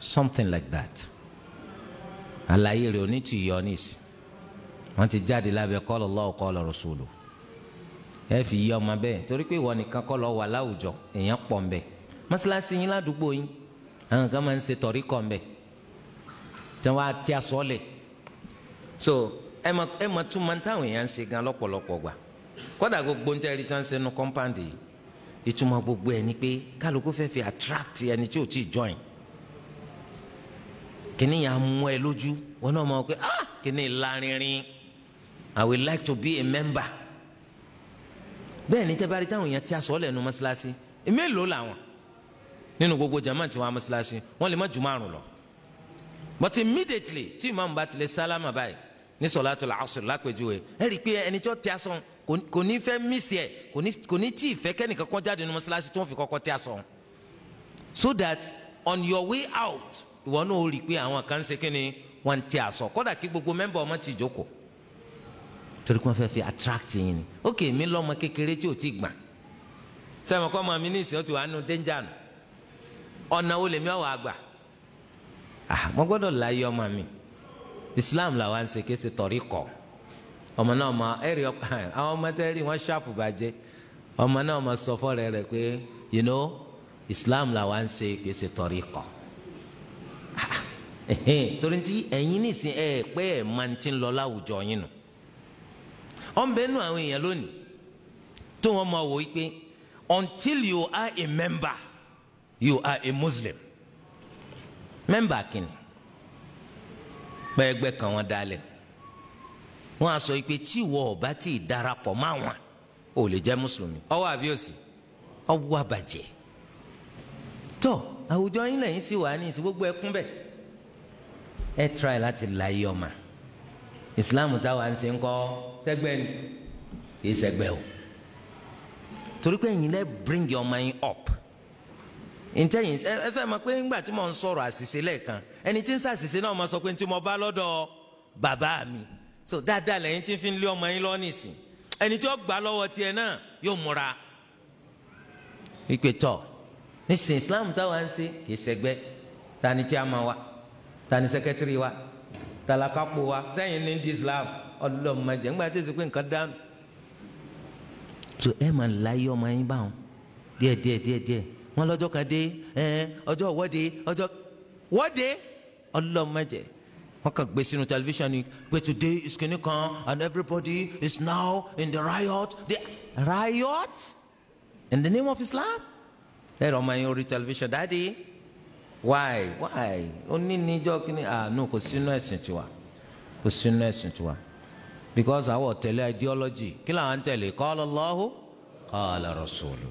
something like that àlàyé rẹ̀ ò ti yọ nísì wọ́n ti jáde lábẹ́ qala Allahu qala rasulu ẹ fi yí ọmọ bẹ́ẹ̀ torí pé ìwọ nìkan kọ́ lọ wà láwùjọ èèyàn pọ̀ ń bẹ̀ mọ́ṣáláṣí yín ládùúgbò yín àwọn kan máa ń ṣe tọ̀rí kọ̀ ń tí wọ́n á ti aṣọ lẹ̀ so ẹ mọ ẹ mọ tún máa ń táwọn èèyàn ń ṣe gan lọ́pọ̀lọpọ̀ gbà kódà gbogbo ń tẹ́rí tí wọ́n ń ṣe nu kọ́ńpáǹdì yìí ìtumọ̀ gbogbo ẹ̀ ni pé kálukú fẹ́ fi attract ẹni tí ò tí ì join kíní yà mú ẹ lójú wọn náà mọ̀ pé ah kíní lárinrin I would like to be a member bẹ́ẹ̀ ni tẹ́bárí táwọn èèyàn ti aṣọ lẹ́nu mọ́ṣáláṣí mélòó làwọn nínú gbogbo jama tí wọ́n á mọ́ṣáláṣí wọ́n lè má ju márùn lọ but immediately tí ìmáàmù bá tilẹ̀ sálámà báyìí ní sọ̀látùl asr lápẹ̀jùwe ẹ rí i pé ẹni tí ó ti aṣọ kò ní fẹ́ mísì ẹ̀ kò ní tí ì fẹ́ kẹ́nìkan kan jáde nínú mọ́ṣáláṣí tí wọ́n fi kọ́kọ́ ti aṣọ so that on your way out ìwọ náà ó rí i pé àwọn kan ń ṣe kíni wọ́n ń tẹ aṣọ kódà kí gbogbo mẹ́mbà ọmọ ti jókòó torí kí wọ́n fẹ́ fi attract yín ni ok mi lọ́mọ kékeré tí ò ti gbà sẹ́mi kọ́ ọmọ mi ní ìsìn ó ti wà danger nù ọ̀nà olè mi ọ̀wà àgbà ah mo gbọ́dọ̀ láyé ọmọ mi Islam làwọn ṣe kése tọ̀rí kọ̀ ọmọ náà ọmọ ẹ̀rí àwọn ọmọ tẹ́ rí wọ́n ṣàpù bàjẹ́ ọmọ náà ọmọ sọ fọ́ rẹ̀ rẹ̀ pé you know Islam làwọn ṣe kése tọ̀rí kọ̀ torí ti ẹ̀yin nìsín pé ẹ̀ máa ti ń lọ láwùjọ yín nù ọ̀nbẹ́nu àwọn èèyàn lónìí tó wọ́n máa wò ó pé until you are a member you are a Muslim member kìnnì pẹ́ẹ́gbẹ́ kan wọ́n dálẹ̀ wọ́n á sọ pé tí ìwọ ò bá tí ì darapọ̀ mọ́ àwọn ò lè jẹ́ mùsùlùmí ọwọ́ àbíòsì ọwọ́ àbàjẹ́ tó àwùjọ yín lẹ́yìn sì wà ní ìsìn gbogbo ẹkún bẹ́ẹ̀ ẹ try láti la yí ọmọ islam táwa ń ṣe ń kọ́ sẹ́gbẹ́ ni kì í sẹ́gbẹ́ o torí pé ẹ̀yin lẹ́ bring your mind up ntẹ́yìn ẹ sẹ́ ma pé ńgbà tí mo ń sọ̀rọ̀ àṣìṣe lẹ́ẹ̀kan ẹni tí ń ṣàṣìṣe náà mo sọ pé tí mo bá lọ́dọ̀ bàbá mi so dáadáa lẹ́yìn tí ń fi lé ọmọ yín lọ́ nìsín ẹni tí ó gbà lọ́wọ́ tiẹ̀ náà yóò múra ìpè tọ̀ nísìnyí islam táwa ń ṣe kì í sẹ́gbẹ́ tani tí a máa wá tani sẹkẹtiri wa talakapo wa sẹyìn ní di islam ọlọmọdé ńgbà tí èsì pé nǹkan dánù tó ẹ máa láyé ọmọ yín báwọn díẹ̀ díẹ̀ díẹ̀ díẹ̀ wọn lọ́jọ́ kan dé ẹ ọjọ́ wọde ọjọ́ wọde ọlọmọdé wọn kàn gbé sínú tẹlifíṣàn ni pé today is kìnnì kan and everybody is now in the riot the riot in the name of islam ẹ rọ ọmọ yín orí tẹlifíṣàn dáadé. why why oní níjọ́ kínní àánú ah, kò sínú ẹ̀sìn tiwa kò sínú ẹ̀sìn tiwa because tẹ̀lé ideology kí làwọn ń tẹ̀lé qala Allahu qala rasulu.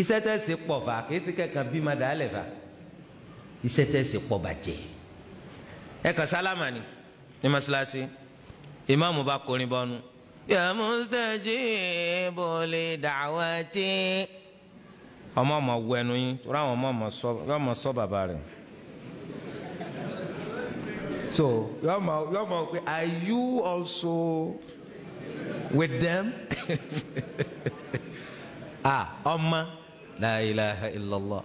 iṣẹ́ tẹ̀sí pọ̀ fà kì í sì kẹ̀kan bí máa dàálẹ̀ fà iṣẹ́ tẹ̀sí pọ̀ bàjẹ́ ẹ kàn sálámà ni ní bá ya ọmọ ọmọ wọ ẹnu yín torí àwọn ọmọ ọmọ sọ yọ ọmọ sọ bàbá rẹ so yọ ọmọ yọ ọmọ pé are you also with them ah ọmọ la ilaha illallah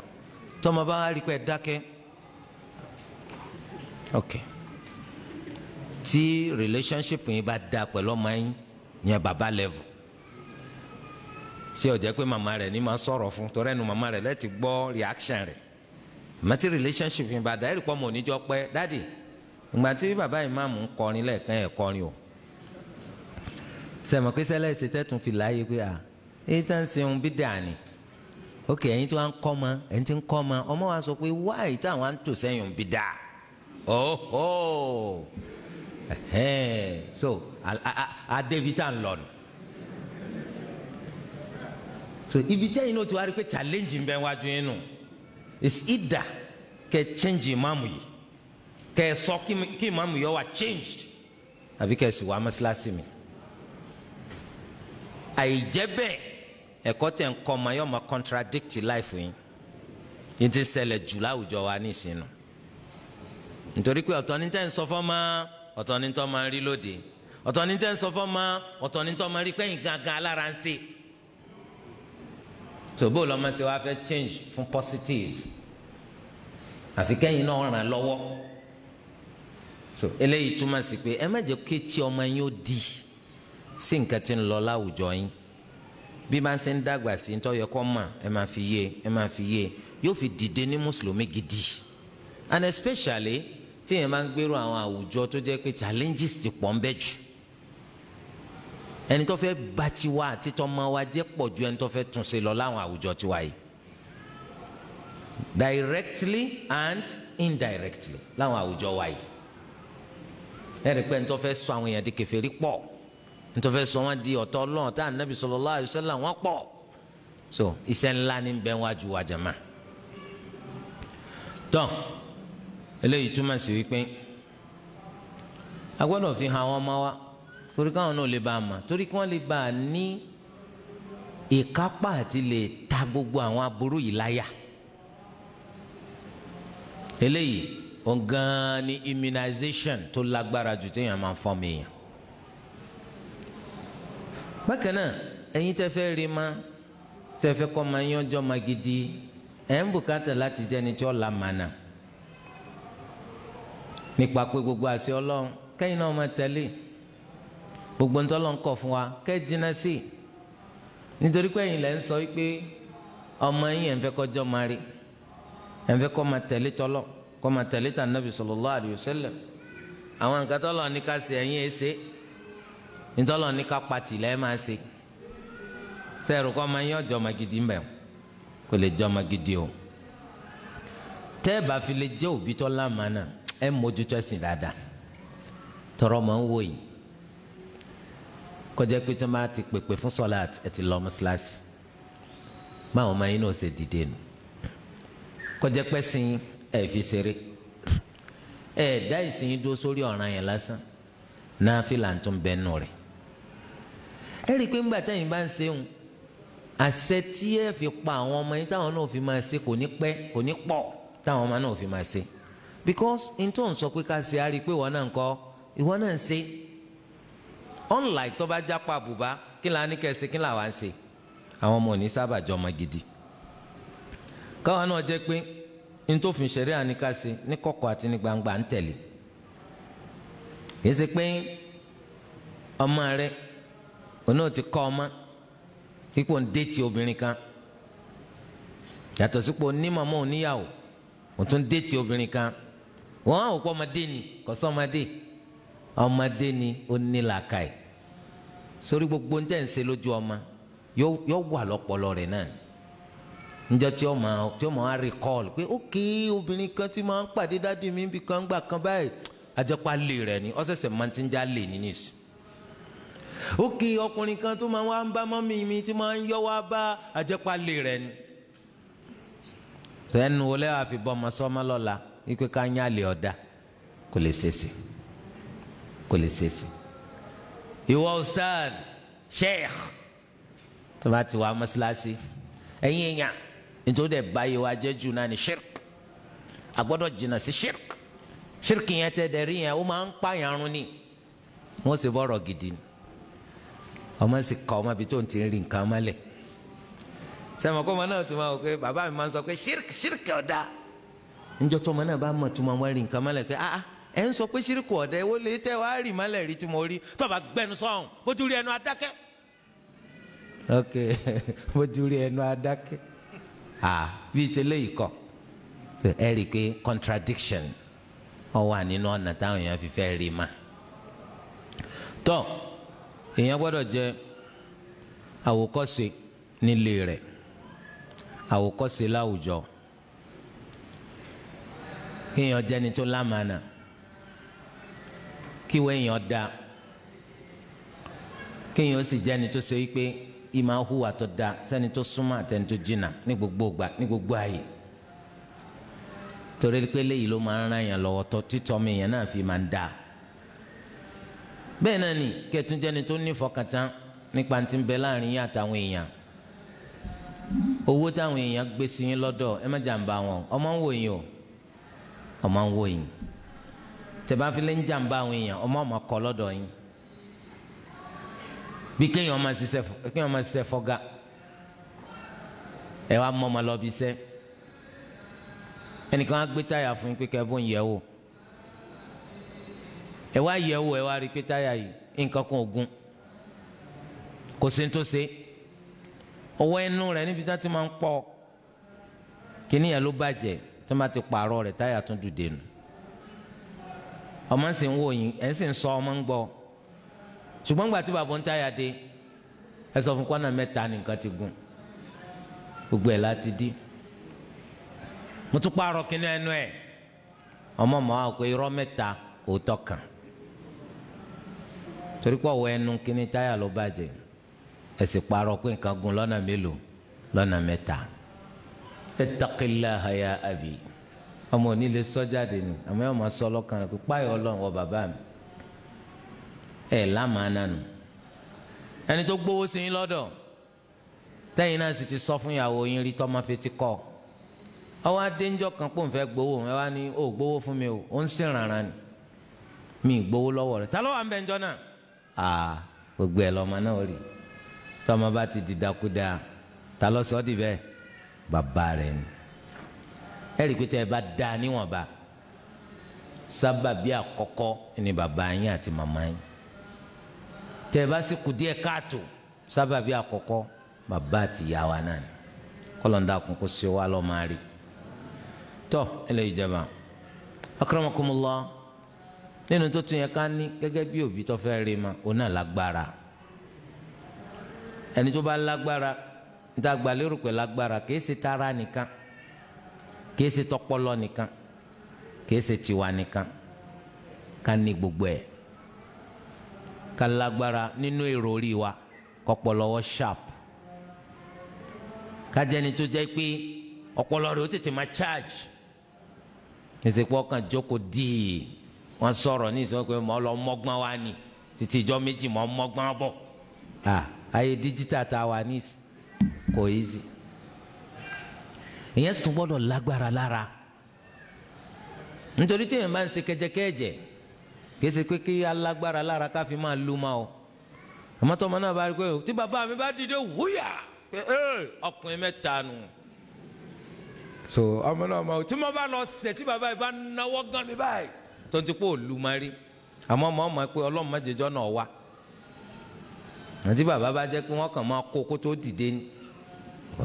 tọmọ bá wà rí pé dákẹ́ ok tí relationship yín bá da pẹ̀lú ọmọ yín yẹn bàbá level ṣé ó jẹ́ pé màmá rẹ̀ ní máa sọ̀rọ̀ fún torí ẹnu màmá rẹ̀ lẹ́ẹ̀tì gbọ́ reaction rẹ̀ mẹ́tí relationship yìí bá dáìrì pọ́ mọ̀ níjọ́ pẹ́ dáàdì ìgbà tí bàbá ìmáàmù ń kọrin lẹ́ẹ̀kan ẹ̀ kọrin o sẹ́mi pé sẹ́lẹ̀ ṣe tẹ́tùn fi láàyè pé a èyí tá ń ṣeun bí dàní ok ẹ̀yin tí wọ́n ń kọ́ ma ẹ̀yin tí ń kọ́ ma ọmọ wa sọ pé wáyé táwọn á ń tò sẹ́yìn bí dà ọ̀họ́ so adébítà ń so ibi tẹ́yìn náà ti wá rí pé challenge ń bẹ wájú yín nù is either kẹ́ change ìmáàmù yìí kẹ́ sọ kí ìmáàmù yìí wà changed àbí kẹ́ ẹ sì wá mọ́sálásí mi àìjẹ́ bẹ́ẹ̀ ẹ̀kọ́ tẹ̀ ń kọ́ ọmọ yóò máa contradict life yín yín ti ṣẹlẹ̀ jù láwùjọ wa nísìnyí nítorí pé ọ̀tọ̀ ní tẹ́ ń sọ fọ́ ọ̀tọ̀ ní tọ́ máa ń rí lóde ọ̀tọ̀ ní tẹ́ ń sọ fọ́ ọ̀tọ̀ ní tọ́ máa ń rí pẹ́yìn gangan alára ń ṣe sòbó lọ́mọ sí wa fẹ́ change fún positive àfi kẹ́yìn náà ràn lọ́wọ́ so eléyìí túmọ̀ sí pé ẹ má jẹ́ kí etí ọmọ yín ó di sí nǹkan tí ń lọ láwùjọ yín bí máa ń ṣe ń dàgbà sí ń tọ́yọ kọ́ mà ẹ máa fi yé ẹ máa fi yé yóò fi dìde ní mùsùlùmí gidi and especially tí èèyàn máa ń gbèrò àwọn àwùjọ tó jẹ́ pé challenges ti pọ̀ ń bẹ jù ẹni tó fẹ́ bà tiwa àti tọmọ wa jẹ́ pọ̀ ju ẹni tó fẹ́ tún ṣe lọ láwọn àwùjọ tiwa yìí directly and indirectly láwọn àwùjọ wa yìí ẹni pé ẹni tó fẹ́ sọ àwọn èèyàn di kèfèrí pọ̀ ẹni tó fẹ́ sọ wọn di ọ̀tọ̀ Ọlọ́run tá ànábì sallallahu alaihi wasallam wọn pọ̀ so iṣẹ́ ńlá ní bẹ wájú wa jàmá tán eléyìí túmọ̀ sí wípé a fi hàn àwọn ọmọ wa torí káwọn náà lè bá a mà torí kí wọ́n lè bá a ní ìkápá àti lè ta gbogbo àwọn aburú yìí láyà eléyìí ọ̀gán ni immunization tó lágbára jù téèyàn máa fọ́ mi yàn bákan náà ẹ̀yin tẹ́ fẹ́ rí ma tẹ́ fẹ́ kọ́ ma yánjọ́ ma gidi ẹ̀ ń bùkátà láti jẹ́ni tí ó la mànà nípa pé gbogbo àṣẹ ọlọ́run kẹ́yìn náà máa tẹ̀lé. gbogbo ntɔlɔ ŋkɔ fún wa k'ɛdina si nítorí pé ɛyìn lɛ ŋsɔ yìí pé ɔmɔ yìí yẹn fɛ kɔjɔ mari yẹn fɛ kɔma tɛlɛ tɔlɔ kɔma tɛlɛ ta nabi sɔlɔlɔ aliyusɛlɛ àwọn nkatɔlɔ ni ka se ɛyìn ɛsɛ ese. ni ka kpati lɛ ɛmɛ ɛsɛ sɛrù kɔma yìí ɔjɔ ma gidi mɛ kò lè jɔ ma gidi o tɛ bàfilẹ dze mana lamana ɛmɔ dutɔ si dada tɔrɔ ma ń wo kọjá pé tí wọn bá ti pèpè fún sọláàt ẹ ti lọ mọ́ṣáláṣí báwọn ọmọ yín náà ṣe dìde nù kọjá pé sin ẹ fi ṣeré ẹ dá ìsìn yín dúró sórí ọ̀ràn yẹn lásán náà fìlà tó ń bẹ nù rẹ̀ ẹ rí i pé ńgbà tẹ́yìn bá ń ṣeun àṣẹ tí ẹ fi pa àwọn ọmọ yín táwọn náà fi máa ṣe kò ní pẹ́ kò ní pọ̀ táwọn ọmọ náà fi máa ṣe because n tó ń sọ pé ká ṣe á rí i pé ìwọ náà ń kọ́ ìwọ náà ń ṣe unlike tó bá jápa àbùbá kí la ní kẹsí kí la wá ń ṣe àwọn ọmọ òní sábà jọ ọmọ gidi káwọn náà jẹ́ pé nítòfin ṣẹ̀rí àníkàṣe ní kọ̀kọ̀ àti ní gbangba ń tẹ̀lé kì í ṣe pé ọmọ rẹ òun náà ti kọ́ ọmọ ipò ń déètì obìnrin kan yàtọ̀ sípò onímọ̀mọ́ oníyàwó òun tún déètì obìnrin kan wọ́n á wò pé ọmọdé ni kò sọ́mọdé ọmọdé ni ó ní làákàyè sórí gbogbo ń tẹ̀ lójú ọmọ yọ wà lọ́pọlọ rẹ̀ náà njọ tí ọmọ tí ọmọ á recall pé ok obìnrin kan tí máa ń pàdé dádì mi bí kan gbà kan báyìí àjọpá lè rẹ̀ ni ọ̀sẹ̀sẹ̀ máa ti ń lè ní ìsìn ok ọkùnrin kan tó máa wá ń bá mọ́mí mi tí máa ń yọ wá bá àjọpá lè rẹ̀ ni sẹ́nu olè àfibọ́ ọmọ sọ́mọ́ lọ́la ikú ká ń lè ọ̀dà kò lè ṣèṣe kò lè ṣèṣe. ìwọ ustad sheikh tó bá ti wá mọ́sálásí ẹ̀yin èèyàn nítorí ẹ̀ báyìí wá jẹ́ jù náà ní shirk àgbọ́dọ̀ jìnnà sí shirk shirk yẹn tẹ́ dẹ̀rí yẹn ó máa ń pààyàn run ni wọ́n sì bọ̀rọ̀ gidi ni ọmọ sì kọ́ ọmọ ibi tó ń ti rí nǹkan mọ́lẹ̀ sẹ́wọ̀n kọ́ ọmọ náà ti máa wò pé bàbá mi máa ń sọ pé shirk shirk ọ̀dà níjọ́ tó ọmọ náà bá mọ̀ tó máa wá rí nǹkan mọ́lẹ̀ pé ah ah ẹ ń sọ pé ṣíríkù ọ̀dẹ wo lè tẹ́ wàá rì mọ́lẹ̀ rí tí mo rí tó bá gbẹnu sọ̀hún bójú rí ẹnu adákẹ́. ok bójú rí ẹnu adákẹ́ ah bíi tẹ́lẹ̀ yìí kọ́ so ẹ rí i pé contradiction ọ wà nínú ọ̀nà táwọn èèyàn fi fẹ́ rí ma tọ́ èèyàn gbọ́dọ̀ jẹ àwòkọ́ṣe nílé rẹ̀ àwòkọ́ṣe láwùjọ kéèyàn jẹ́ni tó lámàánà kí wọ́n èèyàn da kéèyàn ó sì jẹ́ ẹni tó ṣe wípé ìmọ̀ ahùwà tó da sẹ́ni tó súnmọ́ àtẹni tó jìnnà ní gbogbo ìgbà ní gbogbo ààyè torí pé léyìí ló máa ń ràn yàn lọ́wọ́ tó títọ́ mi yẹn náà fi máa ń da bẹ́ẹ̀ náà ni kẹtùnjẹni tó ní fọkàntán nípa ti ń bẹ láàrin yín àtàwọn èèyàn owó táwọn èèyàn gbé sí yín lọ́dọ̀ ẹ má jàǹbá wọn ọmọ ń wò yín o ọmọ ń wò yín tẹ̀báfilẹ̀ ń jàǹbá àwọn èèyàn ọmọ ọmọ kọ lọ́dọ̀ yín bí kéèyàn máa ṣiṣẹ́ kéèyàn máa ṣiṣẹ́ fọ́gà ẹ wá mọ́ ọmọ lọ bí iṣẹ́ ẹnìkan á gbé táyà fún yín pé kẹ́ ẹ bó ń yẹ̀ wò ẹ wá yẹ̀ wò ẹ wá rí pé táyà yìí nǹkan kan ògùn kò sí ní tó ṣe ọwọ́ ẹnu rẹ̀ níbi tí wọ́n ti máa ń pọ̀ kíníyàn ló bàjẹ́ tí wọ́n bá ti pààrọ̀ rẹ̀ táyà tún dùde nù ọmọ ń sì ń wò yín ẹ̀ ń sì ń sọ ọmọ ń gbọ́ ṣùgbọ́n gbà tí bàbá ń táyà dé ẹ sọ fún kọ́nà mẹ́ta nìkan ti gùn gbogbo ẹ̀ láti dí mo tún pààrọ̀ kínní ẹnu ẹ̀ ọmọ mọ́ àwọn irọ́ mẹ́ta òótọ́ kan torí pọ̀ wọ ẹnu kínní táyà ló bàjẹ́ ẹ sì pààrọ̀ pé nǹkan gùn lọ́nà mélòó lọ́nà mẹ́ta ẹ taqillaha ya abi ọmọ òní lè sọ jáde ni àmọ́ ẹ̀ máa sọ ọlọ́kàn rẹ̀ pé páyọ̀ ọlọ́run wọ bàbá mi ẹ̀ lámàánà nù ẹni tó gbowó sí yín lọ́dọ̀ tẹ́yìn náà sì ti sọ fún ìyàwó yín rí tọ́mọ fi ti kọ́ ọwọ́ adéńjọ́ kan pò ń fẹ́ gbowó ẹ wá ní o gbowó fún mi o ó ń sìn rànran ni mi ì gbowó lọ́wọ́ rẹ̀ ta ló wà ń bẹ̀ náà àà gbogbo ẹ̀ lọ́mọ náà rí tọ́mọ bá ti dìdakuda ta ló sọ ọ́ dì bàbá rẹ̀ ni ẹ rí i pé tẹ́ ẹ bá da níwọ̀nba sábàbí àkọ́kọ́ ni bàbá yín àti màmá yín tẹ́ ẹ bá sì kù díẹ̀ káàtó sábàbí àkọ́kọ́ bàbá àti ìyá wa náà ni kọ́lọ́ńdà kún kó sí wa lọ́ọ́ máa rí tọ́ eléyìí jẹba akramakumullah nínú tó tún yẹ ká ní gẹ́gẹ́ bí òbí tó fẹ́ rí ma òun náà lágbára ẹni tó bá lágbára níta gbàlérò pé lágbára kìí ṣe tara nìkan kìí ṣe tọpọlọ nìkan kìí ṣe tiwa nìkan ká ní gbogbo ẹ̀ ká lágbára nínú èrò orí wa kọpọlọwọ sharp ká jẹni tó jẹ́ pé ọpọlọ rẹ̀ ó tètè máa charge ìsìnkú ọkàn jókòó díì wọ́n sọ̀rọ̀ ní ìsìnkú pé mo lọ mọ́gbọ́n wa ni títí ìjọ méjì mo mọ́gbọ́n bọ̀ ayé díjítà tá a wà ní kò easy ìyẹn sì tún gbọ́dọ̀ lágbára lára nítorí tí èèyàn bá ń ṣe kẹjẹkẹjẹ kìí ṣe pé kí alágbára lára ká fi máa lu ma o àmọ́ tọ́mọ náà bá rí pé tí bàbá mi bá dìde wúyà ọkùnrin mẹ́ta nù so ọmọ náà ma o tí mo bá lọ sẹ̀ tí bàbá yìí bá náwó gan mi báyìí tó ń ti pé ò lu ma rí àmọ́ ọmọ ọmọ pé ọlọ́mọ jẹjọ́ náà wá àti bàbá bá jẹ́ pé wọ́n kàn máa kó kó tó dìde ni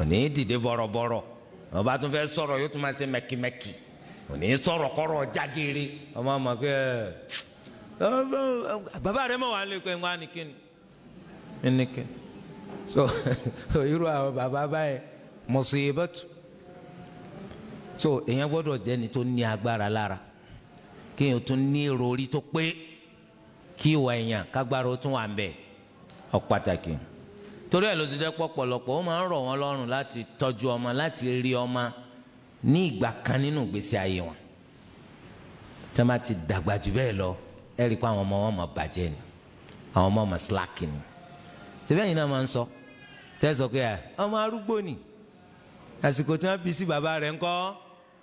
ní dìde bọ̀rọ̀bọ̀rọ̀ wọn bá tún fẹ́ sọ̀rọ̀ yóò tún máa ṣe mẹ́kìmẹ́kì kò ní sọ̀rọ̀ jágere ọmọ ọmọ pé ẹ bàbá rẹ kíni kíni so irú àwọn bàbá báyìí so èèyàn gbọ́dọ̀ jẹ́ni tó ní agbára lára kéèyàn tún ní èrò orí tó pé kí ìwà èèyàn ọ pàtàkì. torí ẹ̀ ló ti dẹ́pọ̀ pọ̀lọpọ̀ ó máa ń rọ̀ wọ́n lọ́rùn láti tọ́jú ọmọ láti rí ọmọ ní ìgbà kan nínú ìgbésí ayé wọn tí wọ́n bá ti dàgbà jù bẹ́ẹ̀ lọ ẹ rí i pé àwọn ọmọ wọn máa bàjẹ́ ni àwọn ọmọ máa slack ni síbẹ̀ yìí náà máa ń sọ tẹ́ sọ pé ọmọ arúgbó ni àsìkò tí wọ́n bí sí bàbá rẹ̀ ńkọ́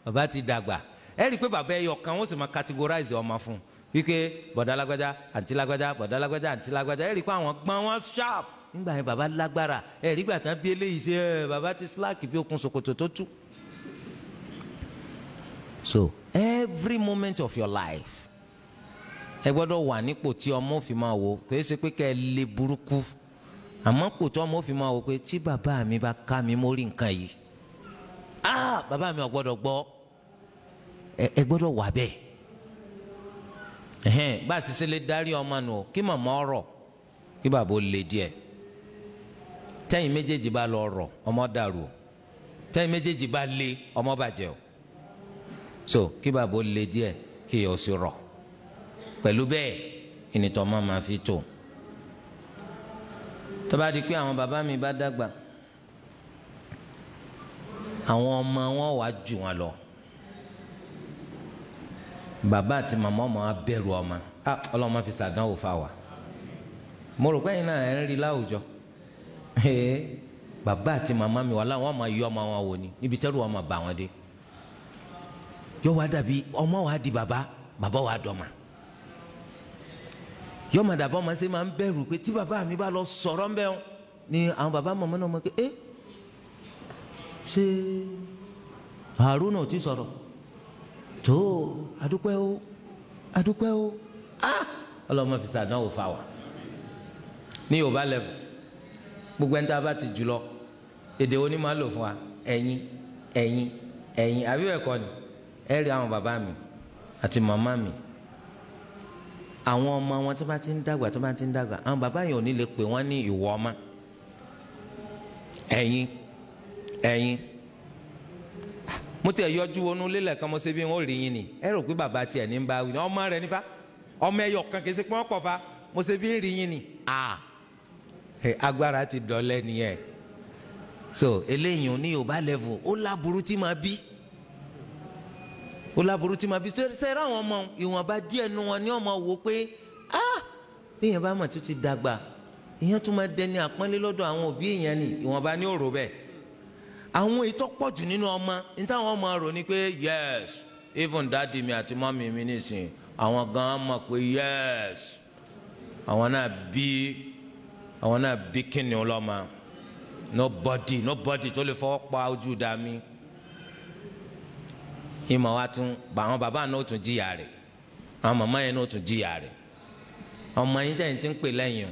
bàbá ti dàgbà ẹ rí i pé bàbá ẹyọ kan wọ́n sì máa categorize ọmọ fún wípé bọ̀dá lágbájá àǹtí lágbájá bọ̀dá lágbájá àǹtí lágbájá ẹ rí i pé àwọn gbọ́n wọn sharp nígbà yẹn baba lágbára ẹ gbàtà bí eléyìí ṣe baba ti slack bí okùn ṣòkòtò tó tú. so every moment of your life ẹ gbọ́dọ̀ wà nípò tí ọmọ òfin máa wò kò é ṣe pé kẹ́ ẹ lè burúkú àmọ́ pò tí ọmọ òfin máa wò pé tí bàbá mi bá ká mi mórí nǹkan yìí ah Baba mi ò gbọ́dọ̀ gbọ́ ẹ gbọ́dọ̀ wà bẹ́ẹ̀ ẹ̀hẹ́n bá a ṣe ṣe lè darí ọmọ nù kí màmá ọ̀rọ̀ kí bàbá ó le díẹ̀ tẹ́yìn méjèèjì bá lọ rọ̀ ọmọ dàrú o tẹ́yìn méjèèjì bá lé ọmọ bàjẹ́ o so kí bàbá ó lé díẹ̀ kí yóò sì rọ̀ pẹ̀lú bẹ́ẹ̀ ìnìtọ́ ọmọ máa fi tó tó bá di pé àwọn bàbá mi bá dàgbà àwọn ọmọ wọn wàá jù wọn lọ bàbá àti màmá ọmọ abẹ́rù ah, ọmọ ọlọ́mọ fi ṣàdánwò fáwa mo rò pé ẹ̀yin náà ẹ̀ ń rí láwùjọ. bàbá àti màmá mi wà láwọn máa yọ ọmọ wọn wò ni níbi tẹ́rù wọn máa bà wọn dé yọ wá dàbí ọmọ wa di bàbá bàbá wa dọ̀mà yọ máa dàbọ̀ máa ṣe máa ń bẹ̀rù pé tí bàbá mi bá lọ sọ̀rọ̀ ń bẹ̀ wọn ni àwọn bàbá màmá náà mọ̀ pé ẹ́ ṣé Haruna ò ti sọ̀rọ̀ tó adúpẹ́ o adúpẹ́ o ah ọlọ́mọ fi ṣàdánwò fa wa ní Yorùbá level gbogbo ẹni tá a bá ti jù lọ èdè wo ni màá lò fún wa ẹ̀yin ẹ̀yin ẹ̀yin àbí bẹ́ẹ̀ ni ẹ rí àwọn bàbá mi àti màmá mi àwọn ọmọ wọn tó bá ti ń dàgbà tó bá ti ń dàgbà àwọn bàbá yẹn ò ní lè pè wọ́n ní ìwọ ọmọ ẹ̀yin ẹ̀yin mo ti ẹ̀ yọjú wọnú lélẹ̀ kan mo ṣe bí wọ́n rí yín ni ẹ rò pé bàbá tiẹ̀ ní bá wí ni ọmọ rẹ̀ nípa ọmọ ẹ̀yọ̀ kan kì í ṣe fa mo ṣe bí ń rí yín ni ah agbára ti dọ̀lẹ́ nìyẹn so eléyìí ní yorùbá level ó láburú tí máa bí ó láburú tí máa bí sẹ́rẹ́ àwọn ọmọ ìwọ̀nba díẹ̀ nu wọn ni ọmọ wò pé ah bí èèyàn bá mọ̀ tó ti dàgbà èèyàn tún máa dẹni àpọ́nlé lọ́dọ̀ àwọn òbí èèyàn ni ìwọ̀nba ní òrò bẹ́ẹ̀ àwọn ètò pọ̀jù nínú ọmọ ní táwọn ọmọ rò ni pé yes even dáàdi mi àti mọ́mí mi nìsín àwọn gan mọ̀ pé yes àwọn náà bí àwọn náà bí kìnìún lọ́mọ nobody nobody tó lè fọwọ́ pa ojú dá mi ìmọ̀ wa tún àwọn bàbá náà tún jìyà rẹ̀ àwọn màmá yẹn náà tún jìyà rẹ̀ ọmọ yín jẹ́ ti ń pè lẹ́yìn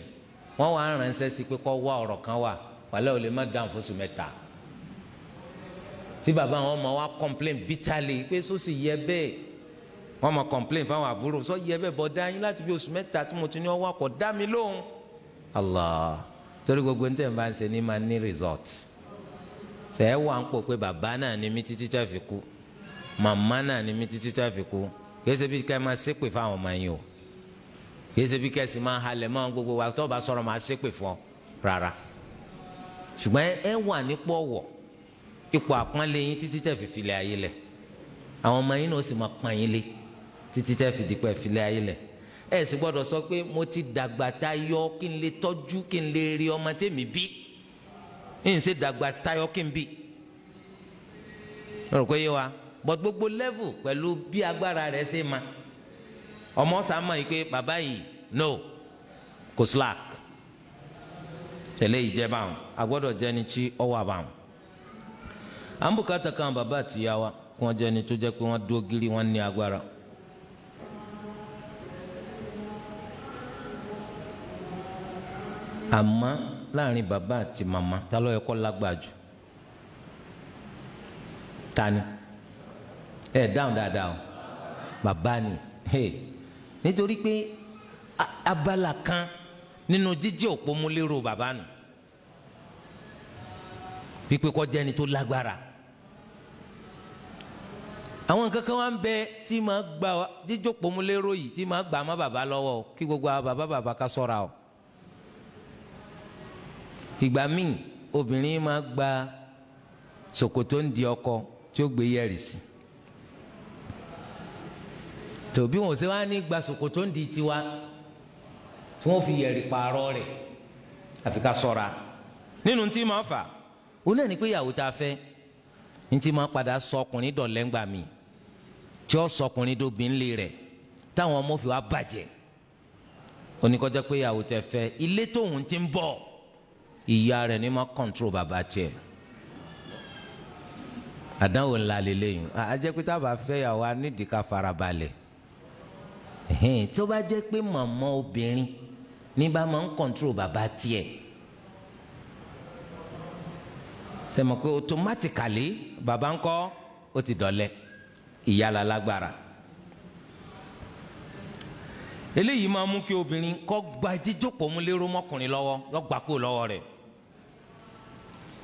o wọ́n wá ń ránṣẹ́ sí pé kọ́ wá ọ̀rọ̀ kan wà wàlẹ́ ò lè má dáhùn fóṣù mẹ́ta tí bàbá wọn máa wá complain bitterly pé sọ́sì yẹ bẹ́ẹ̀ wọ́n máa complain fáwọn àbúrò sọ́ yẹ bẹ́ẹ̀ bọ́ dá yín láti bí oṣù mẹ́ta tí mo ti ní ọwọ́ akọ̀ dá mi lóhùn. allah torí gbogbo ní tẹ̀ ń ṣe ní ní ṣe pé bàbá náà títí tá fi màmá náà títí tá fi kú kìí ṣe bí ọmọ o kìí ṣe bí ká sì gbogbo wa tó bá sọ̀rọ̀ máa ṣépè fún ọ rárá ṣùgbọ́n ẹ wà ipò títí fi filẹ̀ àwọn ọmọ náà sì máa lé títí fi dìpẹ́ filẹ̀ ẹ sì gbọ́dọ̀ sọ pé mo ti dàgbà tayọ kí n lè tọ́jú kí n lè rí ọmọ tèmi bí n ṣe dàgbà tayọ kí n bí lọ́rọ̀ pé yé wa bọ́ gbogbo lẹ́vù pẹ̀lú bí agbára rẹ̀ ṣe ma ọmọ sàmà yìí pé bàbá yìí no kò slack tẹ̀lé ìjẹba àwọn agbọ́dọ̀ jẹni tí ọwọ́ àbàwọn àmbùkátà kan bàbá àtìyá wa kí wọ́n jẹni tó jẹ́ pé wọ́n dúró gírí wọ́n ní agbára. àmọ́ láàrin bàbá àti màmá ta ló yẹ lágbàá jù tani ẹ dáhùn dáadáa o bàbá ni nítorí pé abala kan nínú jíjẹ́ òpómúlérò bàbá nù pípé kó jẹ́ ẹni tó lágbára àwọn nǹkan kan wá ń bẹ tí màá gbà jíjẹ́ òpómúlérò yìí tí màá gbà má bàbá lọ́wọ́ kí gbogbo àwọn bàbá bàbá ká sọ́ra o ìgbà míì obìnrin máa gba ṣòkòtò ń di ọkọ tí ó gbé yẹ̀rì sí tòbí wọn ò wá ní gba ṣòkòtò ń di tiwa tí wọn fi yẹ̀rì pààrọ̀ rẹ̀ àfi ká ṣọ́ra nínú tí máa fà ó náà ní pé ìyàwó tá a fẹ́ ní tí máa padà sọ ọkùnrin dọ̀lẹ́ngbà mi tí ó sọ ọkùnrin dóbin lé rẹ̀ táwọn ọmọ fi wá bàjẹ́ oníkọjá pé ìyàwó tẹ fẹ́ ilé tóun ti ń bọ̀ ìyá rẹ̀ ní ma control bàbá tiẹ̀ àdánwò ńlá lélẹ́yìn àjẹ́ pé tábà fẹ́yàwó anídìí ká farabalẹ̀ tó bá jẹ́ pé màmá obìnrin ní bá máa ń control bàbá tiẹ̀ sẹ́mi pé automatically bàbá ńkọ́ ó ti dọ̀lẹ́ ìyá la lágbára. La eléyìí máa mú kí obìnrin kọ́ gba jíjókòó mú lérò mọ́kùnrin lọ́wọ́ yọ gbà kó lọ́wọ́ rẹ̀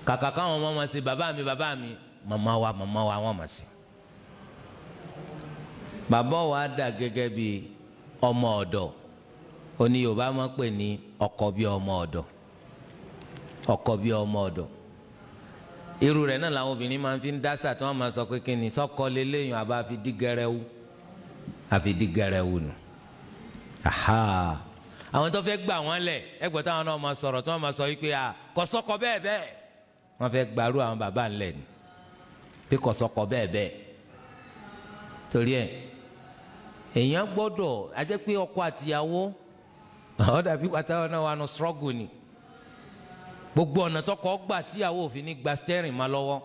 kàkà káwọn ọmọ máa ṣe bàbá mi bàbá mi màmá wa màmá wa wọ́n máa ṣe bàbá wa dà gẹ́gẹ́ bí ọmọ ọ̀dọ̀ oní Yorùbá máa pè ní ọkọ bí ọmọ ọ̀dọ̀ ọkọ bí ọmọ ọ̀dọ̀ irú rẹ̀ náà làwọn obìnrin máa fi ń dásà tí wọ́n máa sọ pé kí ni lélẹ́yìn àbá fi dí gẹrẹ́wú àfi dí gẹrẹ́wú nù. No aha àwọn tó fẹ́ gbà wọ́n lẹ̀ ẹgbẹ́ táwọn náà máa sọ̀rọ̀ tí wọ́n máa sọ wípé à kọ́sọ́kọ bẹ́ẹ̀ bẹ́ẹ̀ wọ́n fẹ́ gbàrú àwọn bàbá ńlẹ̀ ni pé kọ́sọ́kọ bẹ́ẹ̀ bẹ́ẹ̀ torí ẹ̀ èèyàn gbọ́dọ̀ ajẹ́ pé ọkọ àtìyàwó àwọn dàbí pàtàkì náà wà nù struggle ni gbogbo ọ̀nà tọkọ gbà tíyàwó òfin ní gba steering ma lọ́wọ́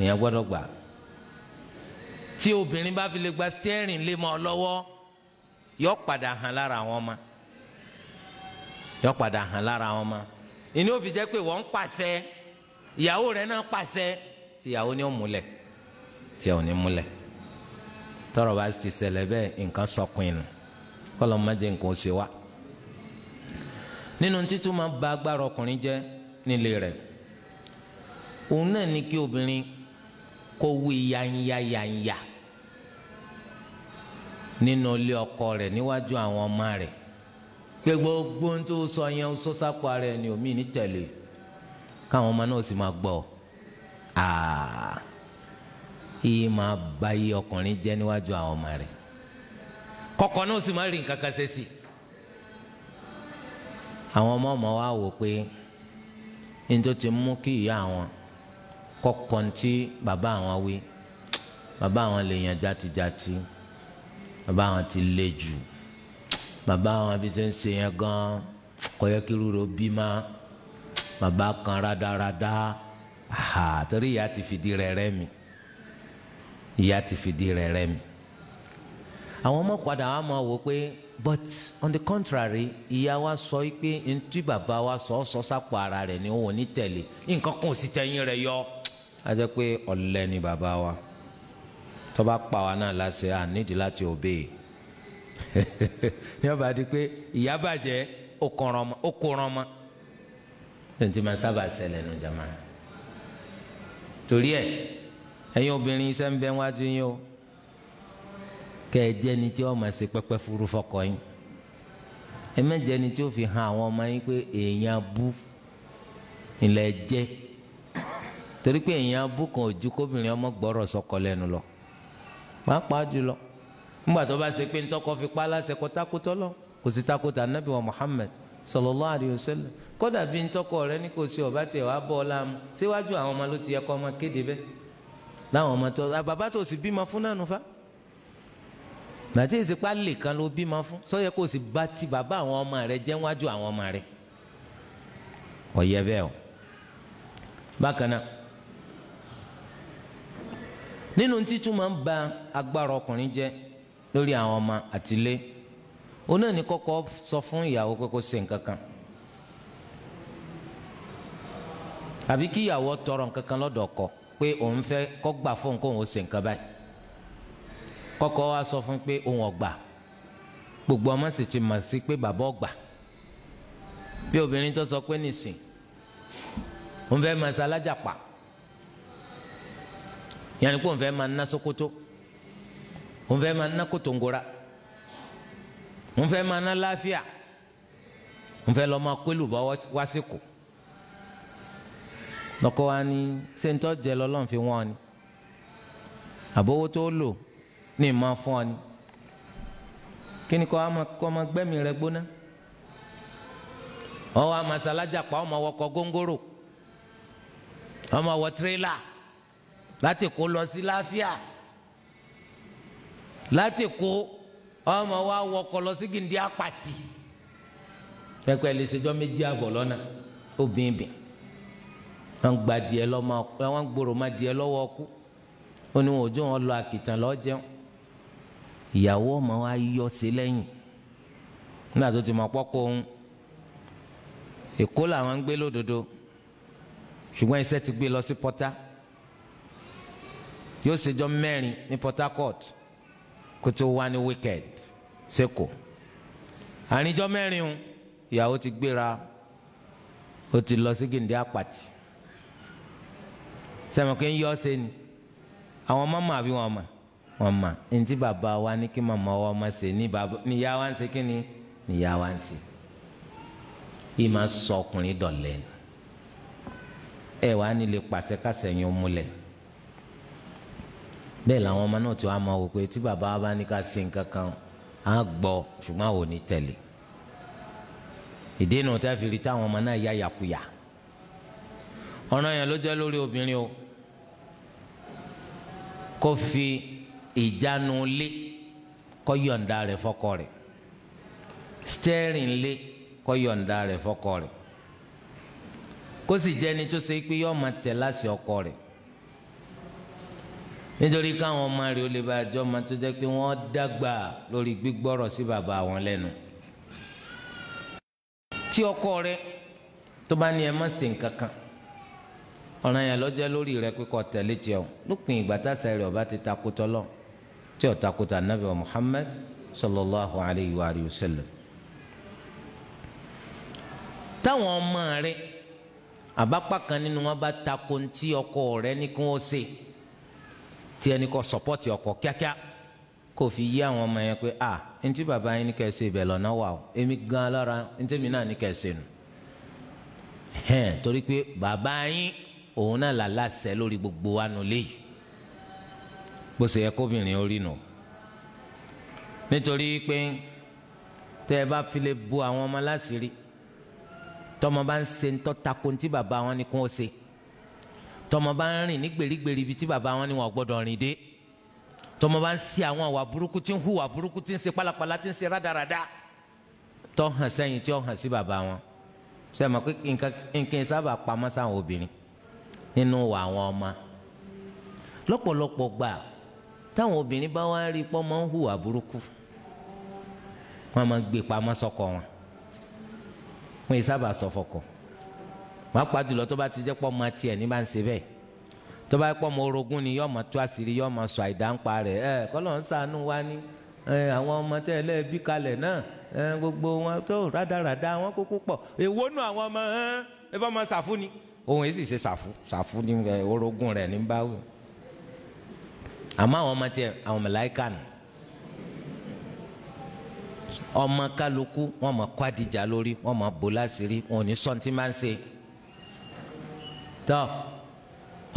èèyàn gbọ́dọ̀ gbà tí obìnrin bá fi lè gba steering lé ma lọ́wọ́ yọ padà hàn lára wọn ma, yọ padà hàn lára wọn ma, ìní ó fi pé wọ́n ń pàṣẹ ìyàwó rẹ̀ náà pàṣẹ tìyàwó ni ó múlẹ̀ tìyàwó ni múlẹ̀ tọrọ bá ti ṣẹlẹ̀ bẹ́ẹ̀ nǹkan sọkùn inú kọlọ mọdé nǹkan ó ṣe wá nínú títún máa ba agbára ọkùnrin jẹ́ nílé rẹ̀ òun náà ní kí obìnrin kó wí ya ya Ya, ya nínú ilé ọkọ rẹ̀ níwájú àwọn ọmọ rẹ̀ pé gbogbo ohun tó sọ yẹn ó sọ sápò ara ẹni omi ní tẹ̀lé káwọn ọmọ náà sì máa gbọ́ yìí máa ba iye ọkùnrin jẹ́ níwájú àwọn ọmọ rẹ̀ kọ̀ọ̀kan náà sì máa rí nǹkan kan ṣe àwọn ọmọ ọmọ wa wò pé nítorí ti mú kí ìyá àwọn kọ́kọ́ ntí bàbá àwọn wí bàbá àwọn lè yàn játijáti. jati bàbá àwọn ti le jù bàbá àwọn bí ṣe ń ṣe yẹn gan kò yẹ bí má bàbá kan rádaràda àhà torí ìyá ti fìdí rẹ̀ rẹ́ mi ìyá ti fìdí rẹ̀ rẹ́ mi àwọn ọmọ padà wà máa wò pé but on the contrary ìyá wa sọ pé ntí bàbá wa sọ sọ sápò ara rẹ̀ ni òun ò ní tẹ̀lé nǹkan kan ò sì tẹ̀yìn rẹ̀ yọ. a jẹ́ pé ọ̀lẹ ni bàbá wa tọ́ba pa wa náà láṣẹ à nídìí láti òbí ní ọba di pé ìyá bàjẹ́ ó kóran mọ́ tuntun tí ma sábà ṣẹlẹ̀ nù jama torí ẹ ẹ̀yin obìnrin iṣẹ́ ń bẹ wájú yín o kẹ́ ẹ jẹ́ ni tí wọ́n máa ṣe pẹ́pẹ́ furu fọkọ yín ẹ mẹ́jẹ ni tí ó fi hàn àwọn ọmọ yín pé èèyàn bú ilẹ̀ jẹ́ torí pé èèyàn bú kan ojú kóbìnrin ọmọ gbọ́rọ̀ sọkọ lẹ́nu lọ pàápàá jùlọ ńgbà tó bá ṣe pé ntọ́kọ fi pa aláṣẹ kọ takotọ́ lọ kò sí takotọ́ anabi wa Muhammad sallallahu alayhi wa sallam kódà bí ntọ́kọ rẹ ní kò sí ọba tiẹ̀ wá bọ́ ọ́lá mu síwájú àwọn ọmọ ló ti yẹ kọ́ ọmọ kéde bẹ́ẹ̀ láwọn ọmọ tó bàbá tó sì bímọ fún náà nufa nàti ìsìpá lè kan ló bímọ fún sọ yẹ kó o sì bá ti bàbá àwọn ọmọ rẹ jẹ́ wájú àwọn ọmọ rẹ ọ̀yẹ́ bẹ́ẹ̀ o bákan náà nínú títún máa ń ba agbára ọkùnrin jẹ́ lórí àwọn ọmọ àtìlé òun náà ní kọ́kọ́ sọ fún ìyàwó pé kó ṣe nǹkan kan àbí kí ìyàwó tọrọ nǹkan kan lọ́dọ̀ ọkọ pé òun fẹ́ kó gbà fún kóun ó ṣe nǹkan báyìí kọ́kọ́ wá sọ fún pé òun ọ̀gbà gbogbo ọmọ sì ti mọ̀ sí pé bàbá ọ̀gbà bí obìnrin tó sọ pé nìsín òun fẹ́ máa ṣe alájàpá yanni kó n fẹ́ máa ná Sokoto n fẹ́ máa ná Kotongora n fẹ́ máa ná láfíà n fẹ́ lọ máa kólu bá wá sí kù lọkọ wa ni sẹńtọ jẹ lọ́lọ́run fi wọn ni àbówó tó lò ní ìmọ fún ọ ni kí ni kọ ọmọ gbẹmí rẹ gbóná ọwọ amasalajà pa ọmọ wọkọ góńgóró ọmọ wọ tirẹlà. láti kó lọ sí láfíà láti kó ọmọ wa wọkọ̀ lọ sí gindi apàtì pẹpẹ lè ṣèjọ méjì àbọ̀ lọ́nà obìnrin bìn wọn gba díẹ̀ lọmọ wọn gbòòrò má díẹ̀ lọ́wọ́ ọkú ó ní wọn ò wọn lọ àkìtàn lọ jẹun ìyàwó ọmọ wa yọ sí lẹ́yìn nígbà tó ti mọ pọkọ ohun Èkó làwọn ń gbé lódodo ṣùgbọ́n iṣẹ́ ti gbé lọ sí pọta. Si yóò ṣèjọ mẹ́rin ní Port Harcourt kó tó wá ní weekend seko àníjọ mẹ́rin o ìyàwó ti gbéra ó ti lọ sí gèdè àpàtì sẹ́mi kí n yọ ọ́ ni àwọn ọmọ mọ àbí wọn mọ wọn mọ ntí bàbá wa ní kí màmá wa ọmọ ṣe ní ìyá wa ń ṣe kí ni ìyá wa ń ṣe yìí máa sọ ọkùnrin dọ̀lẹ́ ẹ wàá nílé pàṣẹ kásẹ̀ múlẹ̀ bẹ́ẹ̀ làwọn ọmọ náà ti wá máa wò pé tí bàbá wa bá ní ká ṣe nǹkan kan á gbọ́ ṣùgbọ́n àwọn ò ní tẹ̀lé ìdènà tá a fi rí táwọn ọmọ náà yá yàkuyà ọ̀ràn yẹn ló jẹ́ lórí obìnrin o kó fi ìjánu lé kó yọ̀ǹda rẹ̀ fọ́kọ rẹ̀ stẹ́rìn lé kó yọ̀ǹda rẹ̀ fọ́kọ rẹ̀ kó sì jẹ́ni tó ṣe pé yọ́ọ́ máa tẹ̀ láti ọkọ rẹ̀ nítorí káwọn ọmọ rẹ̀ ó lè bá àjọ ọmọ tó jẹ́ pé wọ́n dàgbà lórí gbígbọ́rọ̀ sí bàbá wọn lẹ́nu. tí ọkọ rẹ̀ tó bá ní ẹ má ṣe nǹkan kan ọ̀ràn yẹn lọ́jọ́ lórí rẹ̀ pé kó tẹ̀lé tiẹ̀ o lópin ìgbà táṣà rẹ̀ ọba ti takotọ́ lọ tí ó takotọ́ anabi wa Muhammad sallallahu alayhi wa sallam. táwọn ọmọ rẹ̀ àbápá kan nínú wọn bá takò ntí ọkọ rẹ̀ ní kí wọ́n ṣe tí ẹni kọ́ sọ́pọ́tì ọkọ̀ kíákíá kò fi yí àwọn ọmọ yẹn pé a ntí bàbá yín ní kẹsẹ̀ ibẹ̀ lọ́nà wà o èmi gan alára ntí mi náà ní kẹsẹ̀ nù hẹ́n torí pé bàbá yín òun náà là láṣẹ lórí gbogbo wa nù léyìí bó ṣe yẹ kóbìnrin ó rí nù nítorí pé tẹ́ ẹ bá fi bu àwọn ọmọ láṣìírí tọ́mọ bá ń ṣe ń tọ́ tako ntí bàbá wọn ni kún ó ṣe tọmọ bá ń rìn ní gbèrígbèrí ibi tí bàbá wọn ni wọn gbọ́dọ̀ rìn dé tọmọ bá ń ṣe àwọn àwà burúkú tí ń hùwà burúkú tí ń Se pálapàla tí ń ṣe rádaràda tó hàn sẹ́yìn tí ó hàn sí bàbá wọn ṣe mọ̀ pé nǹkan sábà pamọ́ sáwọn obìnrin nínú wà àwọn ọmọ lọ́pọ̀lọpọ̀ gbà táwọn obìnrin bá wá rí pọ́ máa ń hùwà burúkú wọ́n máa gbé pamọ́ sọ́kọ wọn wọ́n yìí sábà sọ fọ́kọ máa pa jùlọ tó bá ti jẹ́ pọ́ ọmọ tiẹ̀ ní bá ń ṣe bẹ́ẹ̀ tó bá pọ́ ọmọ orogún ni yọ́ọ́ máa tú àṣírí yọ́ọ́ máa sọ àìdáńpa rẹ̀ ẹ kọ́lọ́ ń ṣàánú wa ni àwọn ọmọ tẹ́ ẹ lẹ́ẹ̀bí kalẹ̀ náà gbogbo wọn tó rádaràda wọn kúkú pọ̀ èwo nù àwọn ọmọ ẹ bá máa ṣàfù ni òun èsì ṣe ṣàfù ṣàfù ni orogún rẹ̀ ní báwò àmọ́ àwọn ọmọ tiẹ̀ àwọn mẹ̀láìkà nù ọmọ kálukú wọn máa kó àdìjà lórí wọn máa bò láṣìírí wọn ò ní sọ́ntì máa ń ṣe tọ́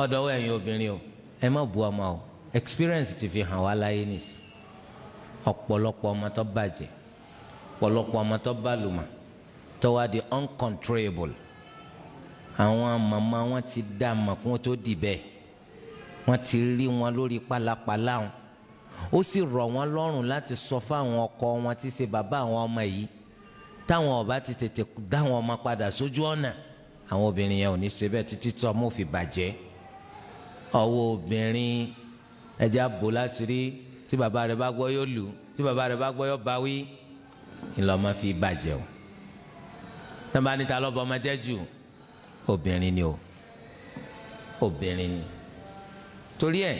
ọ̀dọ́wọ́ ẹ̀yin obìnrin o ẹ má bu ọmọ o experience ti fi hàn wá láyé nìsí ọ̀pọ̀lọpọ̀ ọmọ tó bàjẹ́ ọ̀pọ̀lọpọ̀ ọmọ tó bàlùmọ̀ tó wá di uncontrollable àwọn màmá wọn ti dá màkún tó di bẹ́ẹ̀ wọ́n ti rí wọn lórí pálapàla wọn ó sì rọ̀ wọ́n lọ́rùn láti sọ fáwọn ọkọ wọn tí ṣe bàbá àwọn ọmọ yìí táwọn ọba ti tètè dá wọn ọmọ padà sójú ọ̀nà. So àwọn obìnrin yẹn ò ní ṣe bẹ́ẹ̀ títí tó ọmọ òfin bàjẹ́ ọwọ́ obìnrin ẹja bò láṣìírí tí bàbá rẹ̀ bá gbọ́ yóò lù tí bàbá rẹ̀ bá gbọ́ yóò bá wí ńlọmọ fi bàjẹ́ o tẹ́nba ní ta lọ́bọ ọmọdé jù obìnrin ni o obìnrin ni torí ẹ̀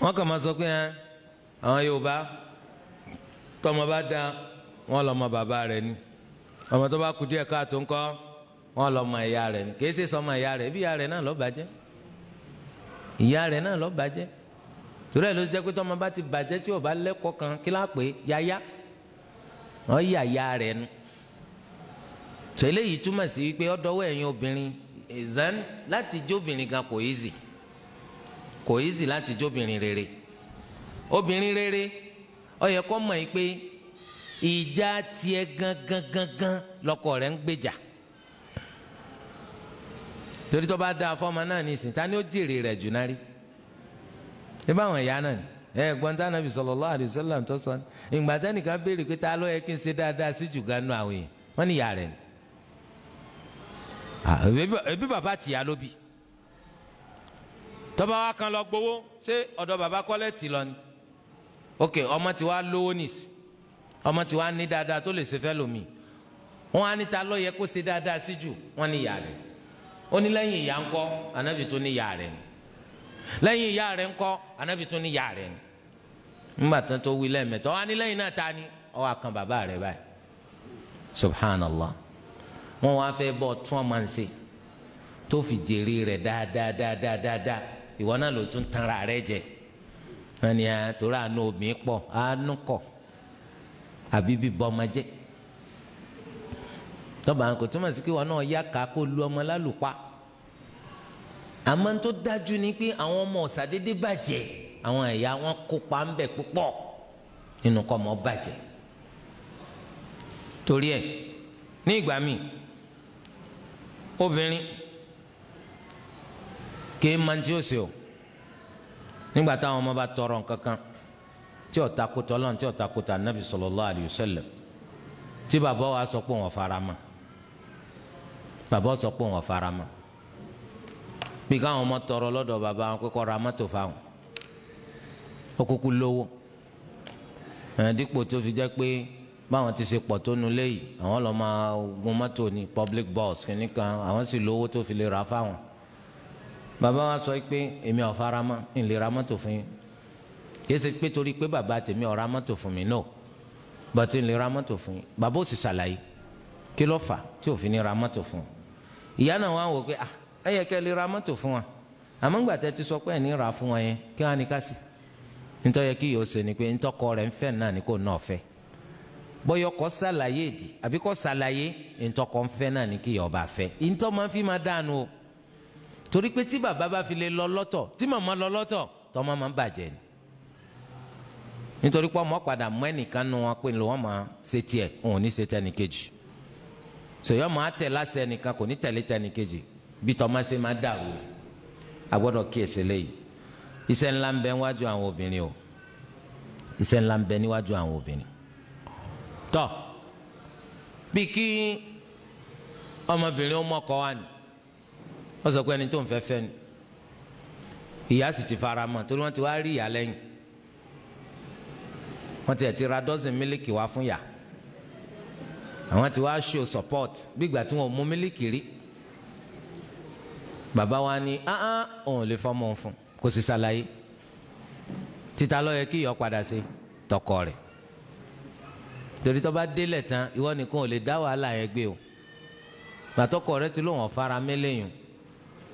wọ́n kàn máa sọ pé ẹ àwọn Yorùbá tọmọ bá da wọn lọmọ bàbá rẹ̀ ni ọmọ tó bá kú díẹ̀ káàtó ńkọ́ wọn lọ mọ ìyá rẹ̀ ni kìí ṣe sọmọ ìyá rẹ̀ ibi ìyá rẹ̀ náà lọ bàjẹ́ ìyá rẹ̀ náà lọ bàjẹ́ torí ẹ̀ ló jẹ́ pé tọ́mọ bá ti bàjẹ́ tí ò bá lẹ́kọ̀ọ́ kan kí láà pé yáyá wọ́n yà ìyá rẹ̀ nu tó eléyìí túmọ̀ sí wípé ọ̀dọ́wọ́ ẹ̀yin obìnrin ìzán láti jóbìnrin gan kò easy kò easy láti jóbìnrin rere obìnrin rere ó yẹ kó mọ̀ yìí pé ìjà tiẹ̀ gangan gangan lọ́kọ rẹ̀ ń gbèjà. Gan, torí tó bá dáa fọ́mọ náà nísìn ta ni ó jèrè rẹ̀ jù náà rí ẹ bá àwọn náà ni ẹ gbọ́n tá ànábì sallallahu alaihi wasallam tó sọ ni ìgbà tẹ́nìkan béèrè pé ta ló yẹ kí n ṣe dáadáa sí jù ganu àwọn èèyàn wọ́n ní ìyá rẹ̀ ni ẹbí bàbá tìyá ló bí tọ́ba wa kan lọ gbowó ṣé ọ̀dọ̀ bàbá kọ́lẹ̀ tì lọ ni ok ọmọ tí wàá lówó nìsí ọmọ tí wàá ní dáadáa tó lè ṣe fẹ́ lómi wọ́n á ní ta ló yẹ kó ṣe dáadáa sí jù wọ́n ní ìyá rẹ̀ ni ó ní lẹ́yìn ìyá ńkọ́ anabi tún ní ìyá rẹ̀ ni lẹ́yìn ìyá rẹ̀ ńkọ́ anabi tún ní ìyá rẹ̀ ni ńgbà tán tó wí lẹ́ẹ̀mẹ́ta wọ́n á ní lẹ́yìn náà ta ni ó wá kan bàbá rẹ̀ báyìí subhanallah wọ́n wá fẹ́ bọ́ tún ọmọ ń ṣe tó fi jèrè rẹ̀ dáadáadáadáa ìwọ náà ló tún tanra rẹ̀ jẹ wọ́n ní àtúrà ah, àánú obìnrin pọ̀ àánú kọ̀ àbíbí bọ́ ọmọ jẹ́ tọ́ba kò túmọ̀ sí pé wọn náà yá ká kó lu ọmọ lálùpá àmọ́ tó dájú ni pé àwọn ọmọ ọ̀sàdédé bàjẹ́ àwọn ẹ̀yà wọn kópa ń bẹ̀ púpọ̀ nínú kọ́ ọmọ bàjẹ́ torí ẹ̀ ní ìgbà míì obìnrin kì í ó sè o nígbà táwọn ọmọ bá tọrọ nǹkan kan tí ó takò tọ́lọ́run tí ó takò tà nàbì sallallahu alayhi wa sallam tí bàbá wa sọ pé wọ́n fara mọ́ ọ bàbá sọ pé wọn fara mọ́ bí káwọn ọmọ tọrọ lọ́dọ̀ bàbá wọn pé kó ra mọ́tò fáwọn ó kúkú lówó dípò tó fi jẹ́ pé báwọn ti ṣe pọ̀ tó nu léyìí àwọn lọ́ọ́ máa gun mọ́tò ní public bus kìnnìkan àwọn sì lówó tó fi lè ra fáwọn bàbá wa sọ pé èmi ò fara mọ́ n lè ra mọ́tò fún yín kìí pé torí pé bàbá tèmi ò ra mọ́tò fún mi no bàtí n lè ra mọ́tò fún yín bàbá ò sì ṣàlàyé kí ló fà tí ò fi ra mọ́tò fún yín ìyá náà wá wò pé à ah, ẹ yẹ kẹ́ lè ra mọ́tò fún wa àmọ́ ńgbà tẹ́ ti sọ pé ẹ̀ ní ra fún wa yẹn kí wọ́n á ní ká sí nítorí yẹ kí yóò ṣe ni pé ntọ́kọ rẹ̀ ń fẹ́ náà ni kò náà fẹ́ bọ́yọ̀ kọ́ ṣàlàyé ìdí àbí kọ́ ṣàlàyé ntọ́kọ ń fẹ́ náà ni kí yọ̀ọ́ bá fẹ́ ntọ́ máa fi máa dànù o torí pé tí bàbá bá fi lè lọ lọ́tọ̀ tí màmá lọ lọ́tọ̀ tọ́mọ máa bàjẹ́ ni nítorí pé ọmọ padà mọ́ ẹnìkan nu wọn pé lọ́wọ́ máa ṣe tiẹ̀ òun ní ṣe tẹ́nìkejì sèyọ́ máa tẹ̀ lásẹ̀ nìkan kò ní tẹ̀lé tẹ̀lé kejì bí tọ́mọ ṣe máa dàrú agbọ́dọ̀ kíyèsí léyìí iṣẹ́ ńlá ń bẹ níwájú àwọn obìnrin o iṣẹ́ ńlá ń bẹ níwájú àwọn obìnrin tọ́ bí kí ọmọbìnrin ó mọ́kọ wá ni wọ́n sọ pé ẹni tó ń fẹ́ fẹ́ ni ìyá sì ti fara mọ́ torí wọ́n ti wá rí ìyá lẹ́yìn wọ́n ti ẹ̀ ti ra dọ́sìn mílíkì wá fún yàá àwọn ti wá show support gbígbà tí wọn ò mú mílíkì rí bàbá wa ní ahán ah, òun ò lè fọmọ òun fún kò sì ṣàlàyé títa ló yẹ kí ìyọ padà sí tọkọ rẹ̀ torí tó bá délẹ̀ tán ìwọ nìkan ò lè dá wàhálà yẹn gbé o gbàtọkọ rẹ̀ ti lóun ọ̀fara mélèyàn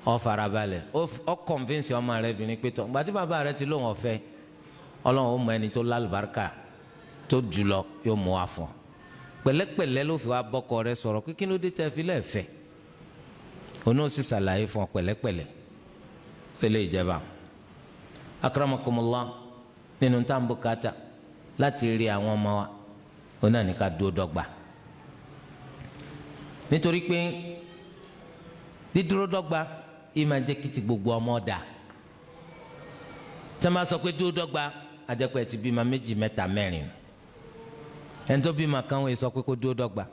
ọ̀farabalẹ̀ ọ convince ọmọ rẹ̀ bìnrin pé tọ́ gbàtí bàbá rẹ̀ ti lóun ọ̀fẹ́ ọlọ́run ó mọ ẹni tó lálùbáríkà tó jùlọ yóò mú wa fún ọ pẹ̀lẹ́pẹ̀lẹ́ ló fi wá bọ́kọ rẹ sọ̀rọ̀ pé kí ló dé tẹ́ fi lẹ́ẹ̀fẹ́ oní ó sì ṣàlàyé fún ọ pẹ̀lẹ́pẹ̀lẹ́ tẹ́lẹ̀ ìjẹba akramakumullah nínú tá à ń bùkátà láti rí àwọn ọmọ wa ó náà ní ká nítorí pé dídúró dọ́gba yìí máa ń jẹ́ gbogbo ọmọ dà tẹ́ máa sọ pé dúró dọ́gba àjẹpẹ́ ti bímọ méjì mẹ́ta mẹ́rin ẹni tó bímọ kan wọ́n sọ pé kó dúró dọ́gba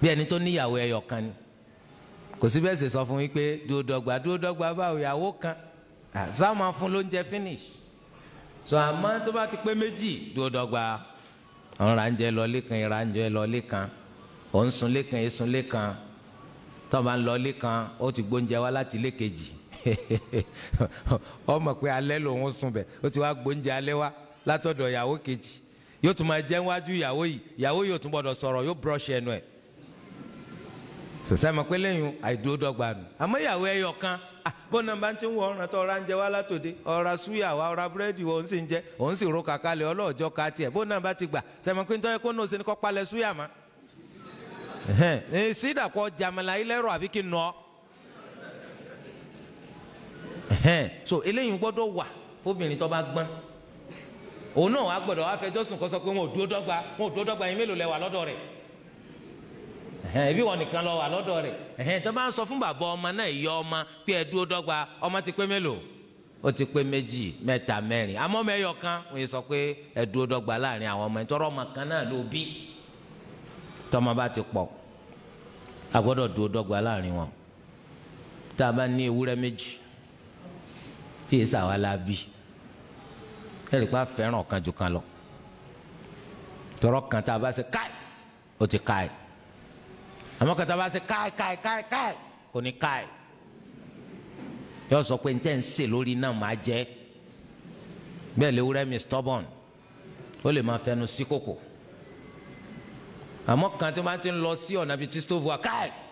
bí ẹni tó níyàwó ẹyọ kan ni kò sí bẹ́ẹ̀ sì sọ fún yín pé dúró dọ́gba dúró dọ́gba báwo ìyàwó kan sáà máa fún lóúnjẹ finish so àmọ́ tó bá ti pé méjì dúró dọ́gba àwọn ránjẹ lọ lẹ́kan ìránjẹ lọ lẹ́kan òun sun lẹ́kan èsùn lẹ́kan tó máa ń lọ lẹ́kan ó ti gbóúnjẹ wá láti lẹ́kejì ọmọ pé alẹ́ lòun sùn bẹ̀ ó ti wá gbóúnjẹ alẹ́ wá látọ̀dọ̀ ìyàwó yóò tún máa jẹ́ wájú ìyàwó yìí ìyàwó yóò tún gbọ́dọ̀ sọ̀rọ̀ yóò brush ẹnu ẹ̀ sòsẹ́ mọ̀ pé lẹ́yìn àìdúró dọ́gba nù àmọ́ ìyàwó ẹyọ kan ah, bó náà bá ń ti ń wọ ọ̀ràn tó ọ̀rà ń jẹ wá látòde ọ̀rà súyà wá ọ̀rà búrẹ́dì òun sì ń jẹ òun sì ro kàkálẹ̀ ọlọ́ọ̀jọ́ ká tiẹ̀ bó náà bá ti gbà sẹ́mi pé nítorí kó náà ṣe ni kọ́ palẹ̀ súyà mọ́ sídà kọ́ jàmàlà ilẹ̀rọ àbí kí n nọ́ so eléyìí gbọ́dọ̀ wà fóbìnrin tó bá gbọ́n òun náà wàá gbọ́dọ̀ wàá fẹjọ́ sùn kó sọ pé wọn ò dúró dọ́gba wọn ò dúró dọ́gba yín mélòó lẹ wà lọ́dọ̀ rẹ̀ ẹbí wọn nìkan lọ wà lọ́dọ̀ rẹ̀ tó bá ń sọ fún bàbá ọmọ náà ìyá ọmọ pé ẹ dúró dọ́gba ọmọ ti pé mélòó ó ti pé méjì mẹ́ta mẹ́rin àmọ́ mẹ́yọ kan wọ́n yìí sọ pé ẹ dúró dọ́gba láàrin àwọn ọmọ ìtọ́rọ ọmọ kan náà ló bí tọmọ bá ti pọ̀ a dúró dọ́gba láàrin wọn tá a bá ní ewúrẹ́ méjì tí èsà wa la bí ẹ̀rí pa fẹ́ràn kan ju kan lọ tọrọ kan tá a bá ṣe káì ó ti káì àmọ́ kan tá a bá ṣe káì káì káì káì kò ní káì yóò sọ pé ntẹ́ ń sè lórí náà máa jẹ́ bẹ́ẹ̀ lewúrẹ́ mi stubborn ó lè máa fẹnu sí kòkò àmọ́ kan tí wọ́n ti ń lọ sí ọ̀nà bíi tí stove wà káì.